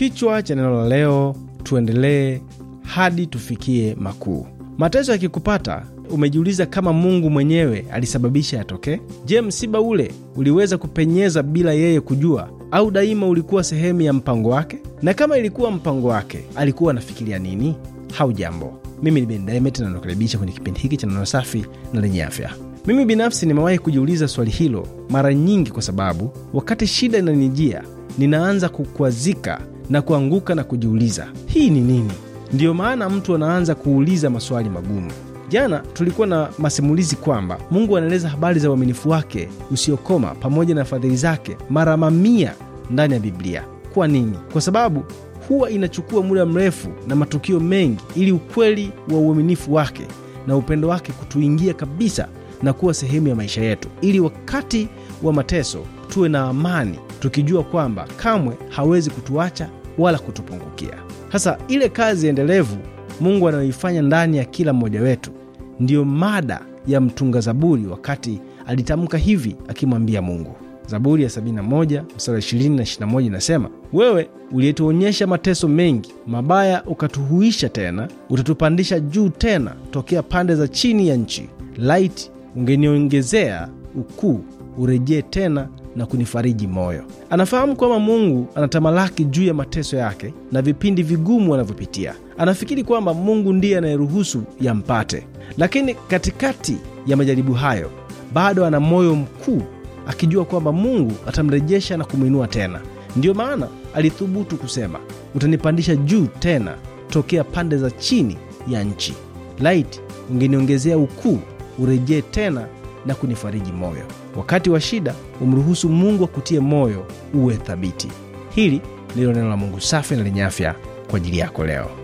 Kichwa cha neno la leo, tuendelee hadi tufikie makuu. Mateso yakikupata umejiuliza kama Mungu mwenyewe alisababisha yatokee? Je, msiba ule uliweza kupenyeza bila yeye kujua, au daima ulikuwa sehemu ya mpango wake? Na kama ilikuwa mpango wake, alikuwa anafikiria nini? Haujambo, mimi ni Ben Diamond na nakukaribisha kwenye kipindi hiki cha neno safi na lenye afya. Mimi binafsi nimewahi kujiuliza swali hilo mara nyingi, kwa sababu wakati shida inanijia ninaanza kukwazika na kuanguka na kujiuliza hii ni nini? Ndiyo maana mtu anaanza kuuliza maswali magumu. Jana tulikuwa na masimulizi kwamba Mungu anaeleza habari za uaminifu wake usiokoma pamoja na fadhili zake mara mamia ndani ya Biblia. Kwa nini? Kwa sababu huwa inachukua muda mrefu na matukio mengi ili ukweli wa uaminifu wake na upendo wake kutuingia kabisa na kuwa sehemu ya maisha yetu, ili wakati wa mateso tuwe na amani, tukijua kwamba kamwe hawezi kutuacha wala kutupungukia. Sasa ile kazi endelevu Mungu anayoifanya ndani ya kila mmoja wetu ndiyo mada ya mtunga Zaburi wakati alitamka hivi akimwambia Mungu. Zaburi ya 71 mstari 20 na 21 inasema, wewe uliyetuonyesha mateso mengi mabaya, ukatuhuisha tena, utatupandisha juu tena tokea pande za chini ya nchi. Laiti ungeniongezea ukuu urejee tena na kunifariji moyo. Anafahamu kwamba Mungu anatamalaki juu ya mateso yake na vipindi vigumu anavyopitia. Anafikiri kwamba Mungu ndiye anayeruhusu yampate, lakini katikati ya majaribu hayo bado ana moyo mkuu, akijua kwamba Mungu atamrejesha na kumwinua tena. Ndiyo maana alithubutu kusema, utanipandisha juu tena tokea pande za chini ya nchi. Laiti ungeniongezea ukuu, urejee tena na kunifariji moyo. Wakati wa shida, umruhusu Mungu akutie moyo, uwe thabiti. Hili ndilo neno la Mungu safi na lenye afya kwa ajili yako leo.